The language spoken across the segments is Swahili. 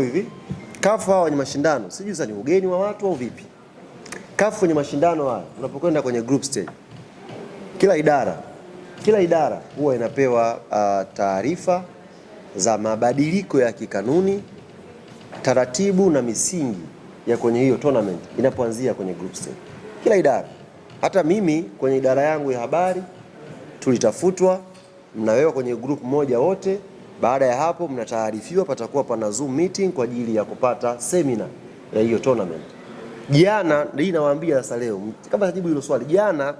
Hivi kafu hawa wenye mashindano sijui sasa ni ugeni wa watu au vipi? Kafu wenye mashindano haya, unapokwenda kwenye group stage, kila idara kila idara huwa inapewa uh, taarifa za mabadiliko ya kikanuni, taratibu na misingi ya kwenye hiyo tournament inapoanzia kwenye group stage. Kila idara, hata mimi kwenye idara yangu ya habari tulitafutwa, mnawekwa kwenye group moja wote baada ya hapo, mnataarifiwa patakuwa pana Zoom meeting kwa ajili ya kupata seminar ya hiyo tournament. Jana hii nawaambia sasa, leo kama sijibu hilo swali, jana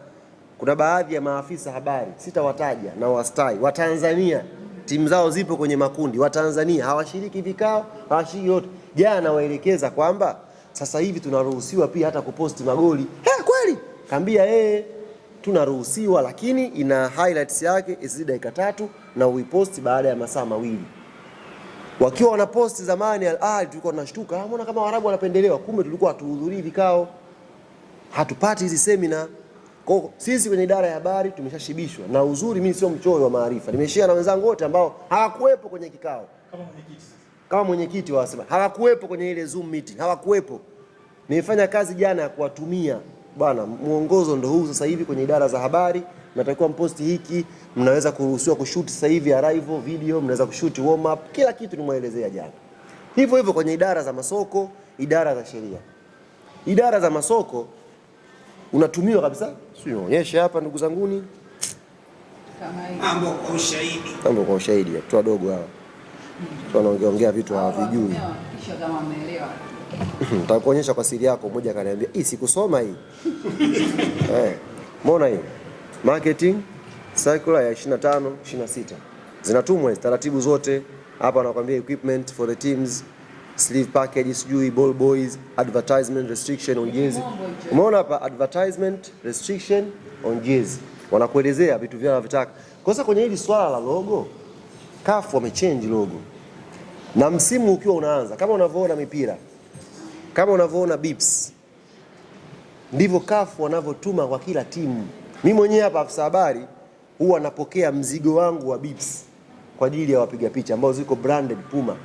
kuna baadhi ya maafisa habari sitawataja na wastai wa Tanzania, timu zao zipo kwenye makundi, wa Tanzania hawashiriki vikao, hawashiriki yote. Jana waelekeza kwamba sasa hivi tunaruhusiwa pia hata kuposti magoli. Eh, kweli kaambia hey. Eh, tunaruhusiwa, lakini ina highlights yake isizidi dakika tatu na uiposti baada ya masaa mawili. Wakiwa wanaposti zamani Al Ahly tulikuwa tunashtuka, ah, mbona kama Waarabu wanapendelewa? Kumbe tulikuwa hatuhudhurii vikao, hatupati hizi semina. Kwa sisi kwenye idara ya habari tumeshashibishwa, na uzuri mimi sio mchoyo wa maarifa, nimeshia na wenzangu wote ambao hawakuwepo kwenye kikao kama mwenyekiti, wasema hawakuwepo kwenye ile Zoom meeting, hawakuwepo. Nimefanya kazi jana ya kuwatumia bwana, mwongozo ndo huu sasa hivi kwenye idara za habari, mnatakiwa mposti hiki, mnaweza kuruhusiwa kushoot sasa hivi arrival video, mnaweza kushoot warm up, kila kitu nimwaelezea jana. Hivyo hivyo kwenye idara za masoko, idara za sheria, idara za masoko unatumiwa kabisa, si nionyeshe hapa, ndugu zanguni, mambo kwa ushahidi, mambo kwa ushahidi, wadogo hawa wanaongea ongea vitu hawavijui. nitakuonyesha kwa siri yako. Mmoja akaniambia hii sikusoma hii eh, mbona hii marketing circular ya 25 26 zinatumwa taratibu zote hapa, nakwambia equipment for the teams sleeve package, sijui ball boys, advertisement restriction on jezi. Umeona hapa advertisement restriction on jezi, wanakuelezea vitu vyao vitaka. Kwa sasa kwenye hili swala la logo, CAF wamechange logo, na msimu ukiwa unaanza kama unavyoona mipira kama unavyoona bips, ndivyo kafu wanavyotuma kwa kila timu. Mi mwenyewe hapa afisa habari huwa napokea mzigo wangu wa bips kwa ajili ya wapiga picha ambao ziko branded Puma.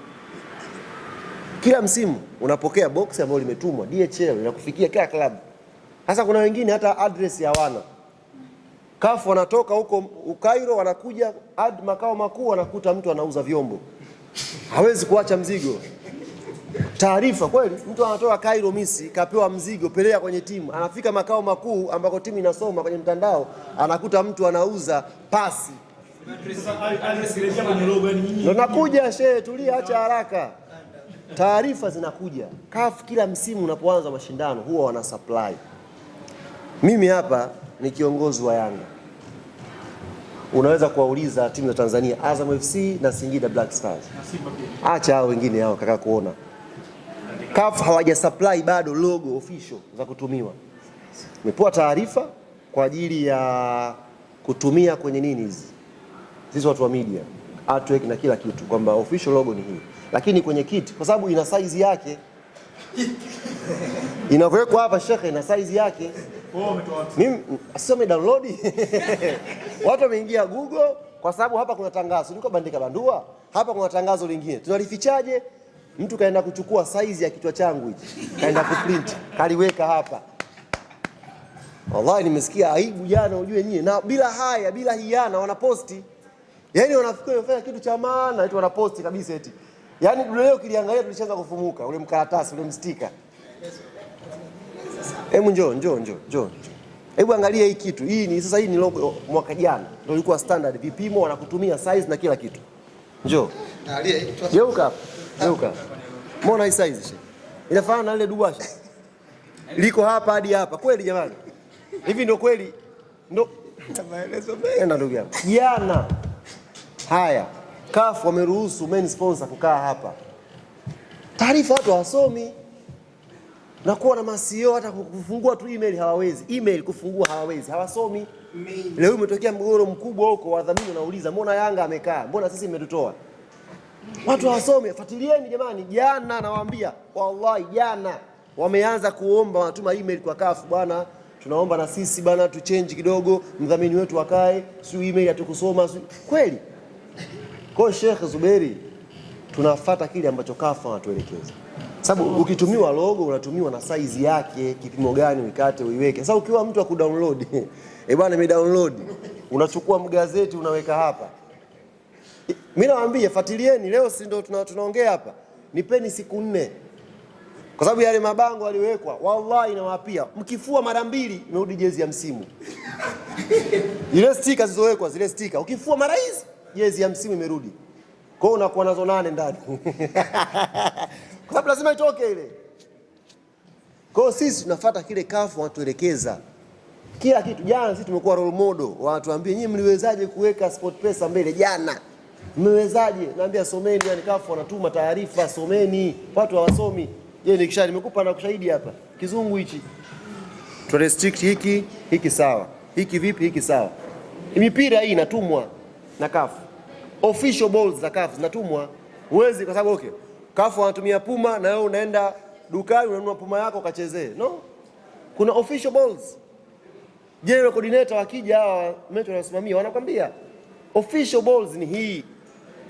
Kila msimu unapokea box ambayo limetumwa DHL na kufikia kila klabu. Sasa kuna wengine hata address hawana. Kafu wanatoka huko Ukairo wanakuja ad makao makuu wanakuta mtu anauza vyombo, hawezi kuacha mzigo taarifa kweli. Mtu anatoka Cairo Misri, kapewa mzigo pelea kwenye timu, anafika makao makuu ambako timu inasoma kwenye mtandao, anakuta mtu anauza pasi. Ndo nakuja shehe, tulia, acha haraka, taarifa zinakuja. CAF kila msimu unapoanza mashindano huwa wana supply. Mimi hapa ni kiongozi wa Yanga, unaweza kuwauliza timu za Tanzania, Azam FC na Singida Black Stars, acha hao wengine hao kaka kuona CAF supply bado logo official za kutumiwa. Nimepewa taarifa kwa ajili ya kutumia kwenye nini hizi sisi watu wa media artwork na kila kitu, kwamba official logo ni hii, lakini kwenye kit, kwa sababu ina size yake inavyowekwa hapa shekhe, na size yake. Mimi download watu wameingia Google, kwa sababu hapa kuna tangazo niko bandika bandua, hapa kuna tangazo lingine, tunalifichaje? Mtu kaenda kuchukua size ya kichwa changu hichi, kaenda kuprint, kaliweka hapa. Wallahi nimesikia aibu jana, ujue nyie, na bila haya, bila hiana wanaposti. Yaani wanafikiri wamefanya kitu cha maana, eti wanaposti kabisa eti. Yaani leo kiliangalia, tulishaanza kufumuka ule mkaratasi, ule mstika. Hebu njoo, njoo, njoo, njoo. Hebu angalia hii kitu. Hii ni sasa hii ni logo mwaka jana. Ndio ilikuwa standard vipimo wanakutumia size na kila kitu. Njoo. hii. Geuka hapa. Geuka. Mbona hii size she? Inafanana na ile duasha. Liko hapa hadi hapa. Kweli jamani? Hivi ndio kweli. Ndio maelezo mengi ndugu yangu. Jana haya CAF wameruhusu main sponsor kukaa hapa. Taarifa watu hawasomi na kuwa na masio hata kufungua tu email hawawezi. Email kufungua hawawezi, hawasomi. Leo umetokea mgogoro mkubwa huko, wadhamini wanauliza, mbona Yanga amekaa? Mbona sisi mmetutoa? watu hawasome. Fuatilieni jamani, jana nawaambia, wallahi jana wameanza kuomba, wanatuma email kwa kafu, bwana tunaomba na sisi bwana tuchenji kidogo, mdhamini wetu akae, siu email hatukusoma siu. Kweli kwa Sheikh Zuberi tunafata kile ambacho kafu anatuelekeza, sababu ukitumiwa logo unatumiwa na saizi yake, kipimo gani uikate uiweke. Sasa ukiwa mtu kudownload, eh bwana, download, unachukua mgazeti unaweka hapa mimi nawaambia fuatilieni, leo si ndio tunaongea hapa, nipeni siku nne, kwa sababu yale mabango yaliwekwa, wallahi nawaapia, mkifua mara mbili imerudi jezi ya msimu ile stika zilizowekwa zile stika, ukifua mara hizi jezi ya msimu imerudi. Kwa hiyo unakuwa nazo nane ndani kwa sababu lazima itoke ile. Kwa hiyo sisi tunafuata kile kafu wanatuelekeza kila kitu. Jana sisi tumekuwa role model, wanatuambia nyinyi mliwezaje kuweka Sport Pesa mbele jana mmewezaje? Naambia someni, yani kafu wanatuma taarifa, someni, watu hawasomi. Je, nikisha nimekupa na kushahidi hapa, kizungu hichi to restrict hiki hiki, sawa hiki vipi, hiki sawa. Mipira hii inatumwa na kafu, official balls za kafu zinatumwa, huwezi kwa sababu okay, kafu wanatumia puma na wewe unaenda dukani unanunua puma yako kachezee, no, kuna official balls General coordinator wakija hawa mechi wanasimamia wanakwambia official balls ni hii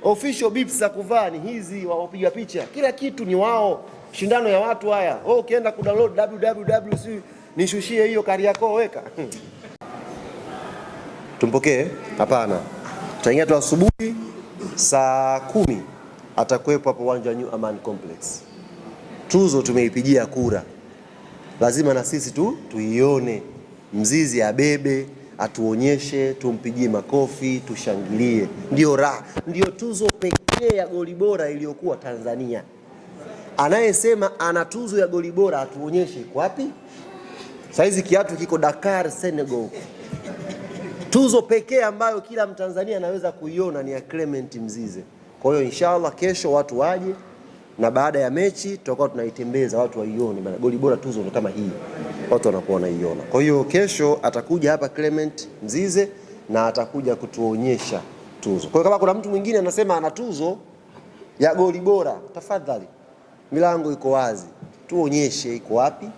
official beeps za kuvaa ni hizi, wapiga picha, kila kitu ni wao. Shindano ya watu haya, wewe oh, ukienda download www, si nishushie hiyo Kariakoo weka tumpokee? Hapana, tutaingia tu asubuhi saa kumi atakuwepo hapo uwanja wa New Aman Complex. Tuzo tumeipigia kura, lazima na sisi tu tuione, mzizi abebe atuonyeshe, tumpigie makofi, tushangilie. Ndiyo raha, ndio tuzo pekee ya goli bora iliyokuwa Tanzania. Anayesema ana tuzo ya goli bora atuonyeshe iko wapi? Saizi kiatu kiko Dakar, Senegal. Tuzo pekee ambayo kila Mtanzania anaweza kuiona ni ya Clement Mzize. Kwa hiyo inshallah, kesho watu waje na baada ya mechi tutakuwa tunaitembeza watu waione, bana, goli bora tuzo kama hii watu wanakuwa wanaiona. Kwa hiyo kesho atakuja hapa Clement Mzize na atakuja kutuonyesha tuzo. Kwa hiyo kama kuna mtu mwingine anasema ana tuzo ya goli bora, tafadhali, milango iko wazi, tuonyeshe iko wapi.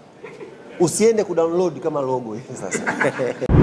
Usiende kudownload kama logo hii sasa